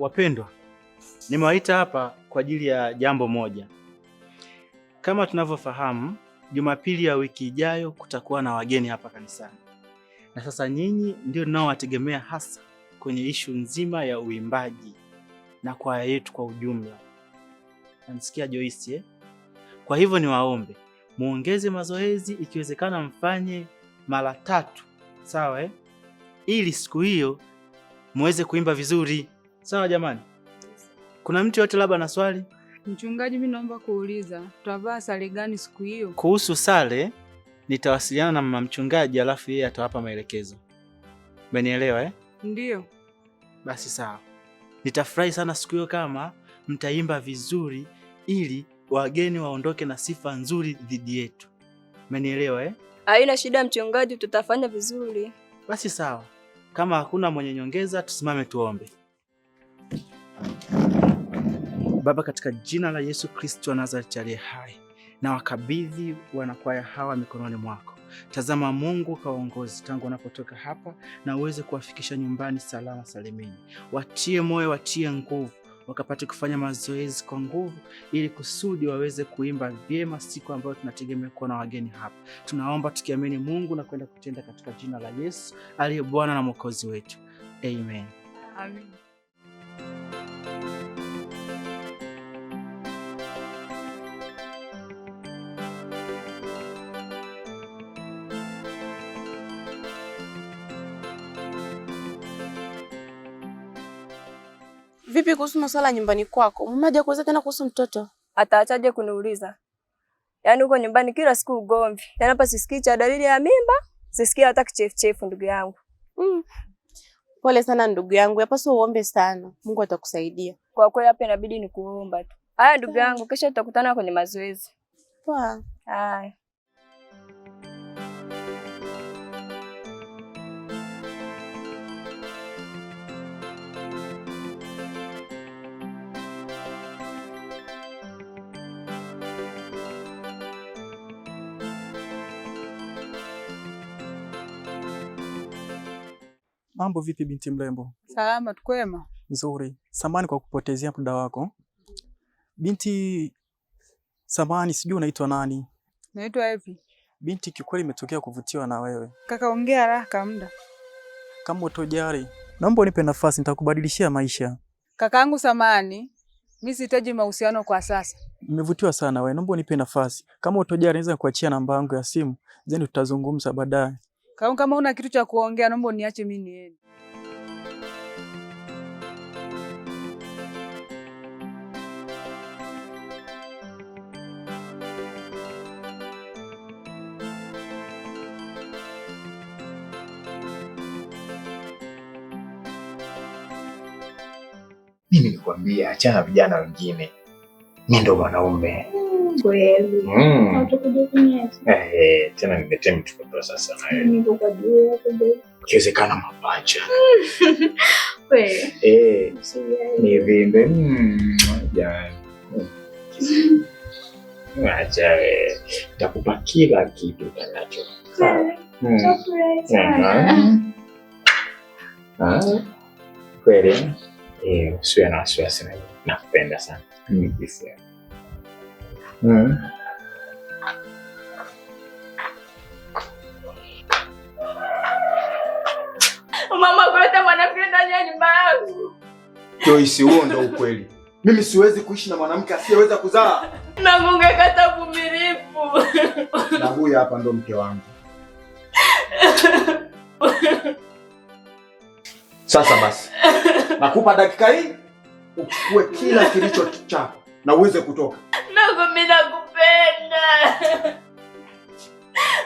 Wapendwa, nimewaita hapa kwa ajili ya jambo moja. Kama tunavyofahamu, Jumapili ya wiki ijayo kutakuwa na wageni hapa kanisani, na sasa nyinyi ndio ninaowategemea hasa kwenye ishu nzima ya uimbaji na kwaya yetu kwa ujumla. Namsikia Joyce eh? Kwa hivyo niwaombe muongeze mazoezi, ikiwezekana mfanye mara tatu, sawa eh? ili siku hiyo muweze kuimba vizuri. Sawa jamani, kuna mtu yote labda na swali? Mchungaji, mimi naomba kuuliza, tutavaa sare gani siku hiyo? Kuhusu sare nitawasiliana na mama mchungaji, alafu yeye atawapa maelekezo. Umenielewa eh? Ndio. Basi sawa, nitafurahi sana siku hiyo kama mtaimba vizuri, ili wageni waondoke na sifa nzuri dhidi yetu. Umenielewa eh? Haina shida mchungaji, tutafanya vizuri. Basi sawa, kama hakuna mwenye nyongeza, tusimame tuombe. Baba, katika jina la Yesu Kristo wa Nazareti aliye hai, na wakabidhi wanakwaya hawa mikononi mwako. Tazama Mungu, kawaongozi tangu wanapotoka hapa, na uweze kuwafikisha nyumbani salama salimini. Watie moyo, watie nguvu wakapate kufanya mazoezi kwa nguvu ili kusudi waweze kuimba vyema siku ambayo tunategemea kuwa na wageni hapa. Tunaomba tukiamini Mungu na kwenda kutenda katika jina la Yesu aliye Bwana na Mwokozi wetu. Amen. Amen. vipi kuhusu masuala nyumbani kwako? Mama hajakuuliza tena kuhusu mtoto? Ataachaje kuniuliza? Yaani huko nyumbani kila siku ugomvi. Yaani hapa sisikii cha dalili ya mimba, sisikii hata kichefuchefu ndugu yangu. Mm. Pole sana ndugu yangu, yapaswa uombe sana. Mungu atakusaidia. Kwa kweli hapa inabidi nikuomba tu. Haya ndugu yangu, kesho tutakutana kwenye mazoezi. Poa. Haya. Mambo vipi binti mrembo? Salama, tukwema. Nzuri. Samani kwa kupotezea muda wako. Binti samani, sijui unaitwa nani? Naitwa Evi. Binti, kikweli imetokea kuvutiwa na wewe. Kaka, ongea haraka muda. Kama utojari, naomba unipe nafasi nitakubadilishia maisha. Kakaangu samani, mimi sihitaji mahusiano kwa sasa. Nimevutiwa sana wewe, naomba unipe nafasi. Kama utojari, naweza kuachia namba yangu ya simu, then tutazungumza baadaye kama una kitu cha kuongea, naomba niache mimi niende. Mimi nikwambia, achana vijana wengine, mimi ndo mwanaume Mm. Eh, eh, tena niletee mtukupa sasa Kiwezekana mapacha eh, ni vimbe mm, acha takupa kila kitu kanacho kweli, mm. ah, usiwe na wasiwasi, nakupenda sana. Mm. Mama kuleta mwanamke ndani ya nyumba yangu. Joyce, huo ndo ukweli. Mimi siwezi kuishi na mwanamke asiyeweza kuzaa. Nagonga kata vumilivu. Na huyu hapa ndo mke wangu. Sasa basi. Nakupa dakika hii uchukue kila kilicho chako na uweze kutoka. Nakwambia nakupenda.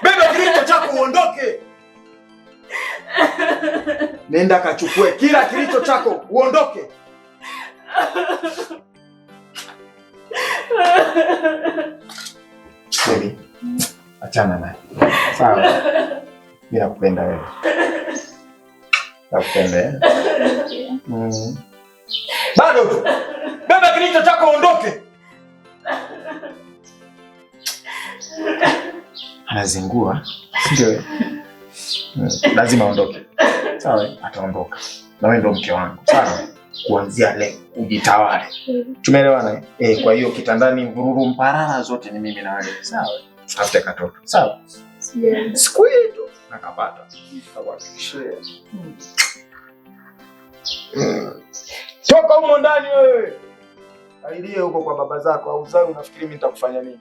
Beba kilicho chako uondoke. Nenda kachukue kila kilicho chako uondoke. Baby, achana naye. Sawa. Mimi nakupenda wewe. Nakupenda. Mm. Bado. tu. Beba kilicho chako uondoke. anazingua lazima aondoke. Sawa, ataondoka na wewe ndio mke wangu. Sawa, kuanzia leo ujitawale, mm-hmm. tumeelewana eh? eh? Kwa hiyo kitandani vururu mparara zote ni mimi na wewe. Sawa, tafute katoto. Sawa, siku hii tu nakapata mm. toka humo ndani wewe, ailie huko kwa baba zako au zao. Unafikiri mimi nitakufanya nini?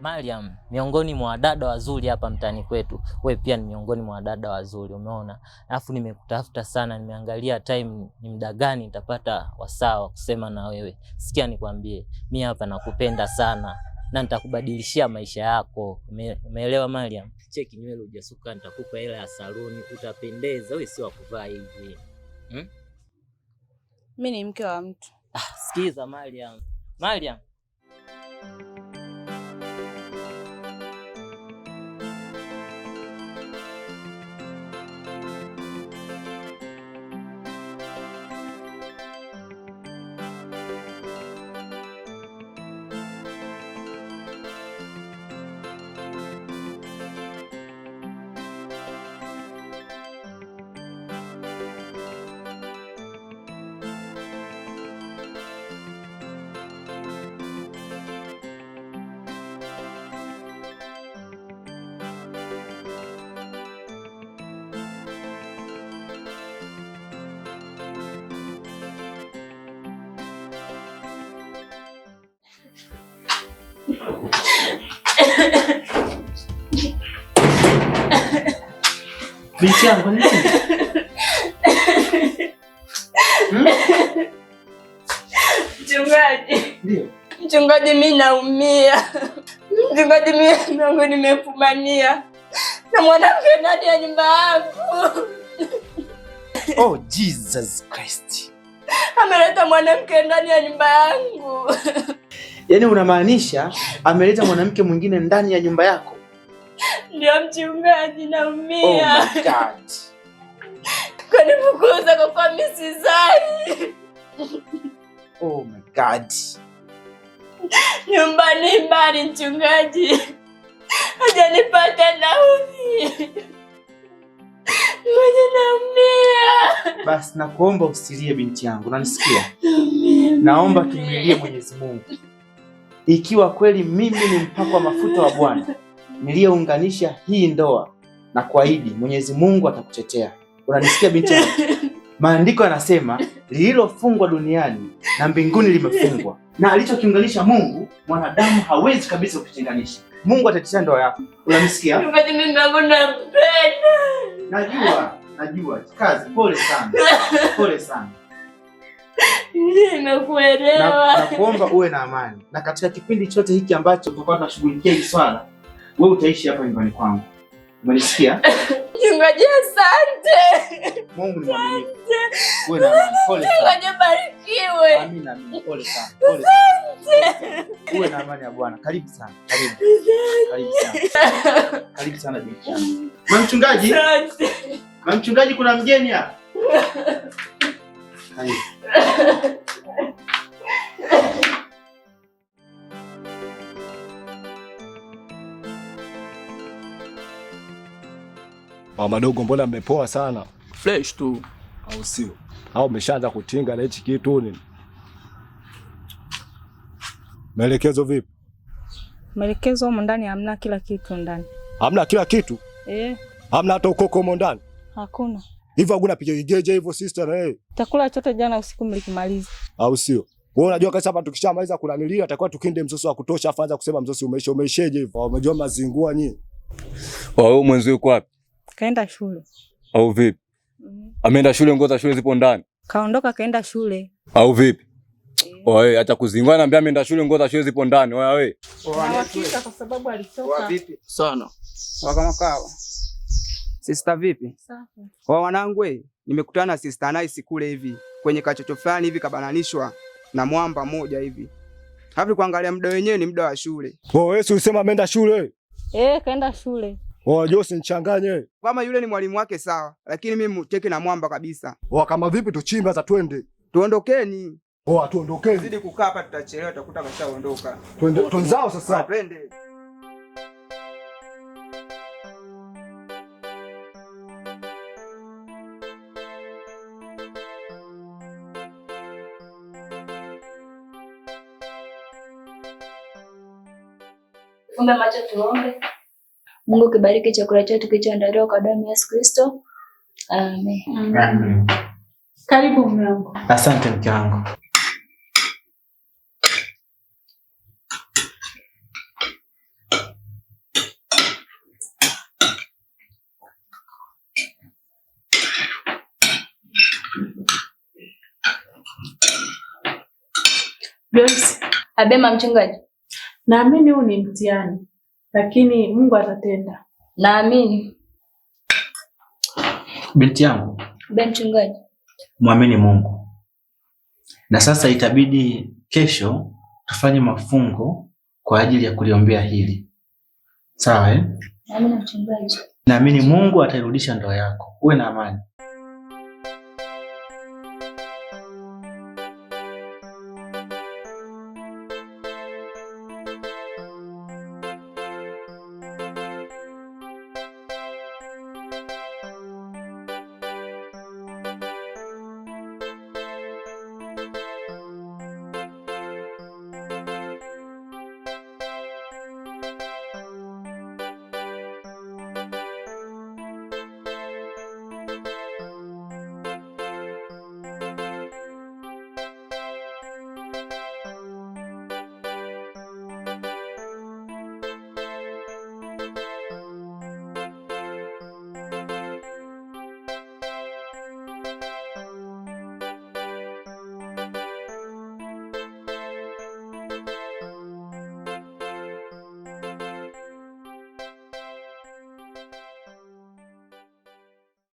Mariam, miongoni mwa wadada wazuri hapa mtaani kwetu. Wewe pia ni miongoni mwa wadada wazuri, umeona. Alafu nimekutafuta sana, nimeangalia time ni muda gani nitapata wasawa kusema na wewe. Sikia nikwambie, mimi hapa nakupenda sana na nitakubadilishia maisha yako, umeelewa Mariam? Cheki nywele ujasuka, nitakupa hela ya saluni, utapendeza. Wewe si wa kuvaa hivi hmm? Mimi ni mke wa mtu. Ah, sikiza Mariam, Mariam Binti Mchungaji. Hmm? Mchungaji, mimi naumia. Mchungaji, mimi yangu nimefumania na mwanamke ndani ya nyumba yangu. Oh, Jesus Christ. Ameleta mwanamke ndani ya nyumba yangu. Yaani unamaanisha ameleta mwanamke mwingine ndani ya nyumba yako? Ndio mchungaji, naumia. Oh my God. Kanifukuza kwa kwa misizai. Oh my God. Nyumbani mbali mchungaji. Hajanipata nauli. Mwenye naumia. Basi nakuomba usilie binti yangu, nanisikia Naomba tumilie Mwenyezi Mungu ikiwa kweli mimi ni mpakwa mafuta wa Bwana niliyeunganisha hii ndoa na kuahidi, Mwenyezi Mungu atakutetea. Unanisikia binti? Maandiko yanasema lililofungwa duniani na mbinguni limefungwa, na alichokiunganisha Mungu mwanadamu hawezi kabisa kukitenganisha. Mungu atatetea ndoa yako, unanisikia? Najua, najua. Kazi, pole sana, pole sana. Nimekuelewa. Nakuomba uwe na amani, na katika kipindi chote hiki ambacho tutakuwa tunashughulikia hili swala, wewe utaishi hapa nyumbani kwangu. Umenisikia? Chungaji, asante. Mungu ni mwaminifu. Uwe na amani. Pole sana. Chungaji, barikiwe. Amina, amina. Pole sana. Pole sana. Uwe na amani ya Bwana. Karibu sana. Karibu. Karibu sana. Karibu sana binti yangu. Mchungaji. Mchungaji, kuna mgeni hapa. Mama dogo, mbona mmepoa sana? Fresh tu, au sio? Au umeshaanza kutinga na hichi kitu nini? Maelekezo vipi? Maelekezo humo ndani hamna kila kitu ndani. Hamna kila kitu? Eh. Hamna hata ukoko humo ndani? Hakuna hivyo hakuna picha ijeje hivyo sister na eh? yeye. Chakula chote jana usiku mlikimaliza. Au sio? Wewe unajua kabisa hapa tukishamaliza kuna milio atakuwa tukinde msosi wa kutosha afa kusema msosi umeisha umeishaje hivyo. Umejua mazingua nyinyi. Wa wewe mwenzio yuko wapi? Kaenda shule. Au vipi? Mm. Ameenda shule, ngoza shule zipo ndani. Kaondoka kaenda shule. Au vipi? Yeah. wewe acha kuzingua naambia ameenda shule, ngoza shule zipo ndani. Oye, oye. Kwa hakika kwa sababu alitoka. Wa vipi? Sana. Wakamkao. Sister vipi? Safi. Wa wanangu, eh, nimekutana na Sista Nice kule hivi kwenye kachocho fulani hivi kabananishwa na mwamba moja hivi. Hapo kuangalia muda wenyewe ni muda wa shule. Oh, Yesu usema ameenda shule. Eh, kaenda shule. Oh, Jose nichanganye. Kama yule ni mwalimu wake sawa, lakini mimi mteki na mwamba kabisa. Oh, kama vipi tuchimba za twende. Tuondokeni. Oh, tuondokeni. Zidi kukaa hapa tutachelewa, tutakuta kashaondoka. Twende, tunzao sasa. Twende. Fumbe macho tuombe. Mungu kibariki chakula chetu kilichoandaliwa kwa damu ya Yesu Kristo. Amen. Amen. Karibu mume wangu. Asante mke wangu. Abema mchungaji. Naamini huu ni mtihani, lakini Mungu atatenda. Naamini binti yangu. mchungaji, mwamini Mungu. Na sasa itabidi kesho tufanye mafungo kwa ajili ya kuliombea hili, sawa eh? Naamini mchungaji. Naamini Mungu atairudisha ndoa yako, uwe na amani.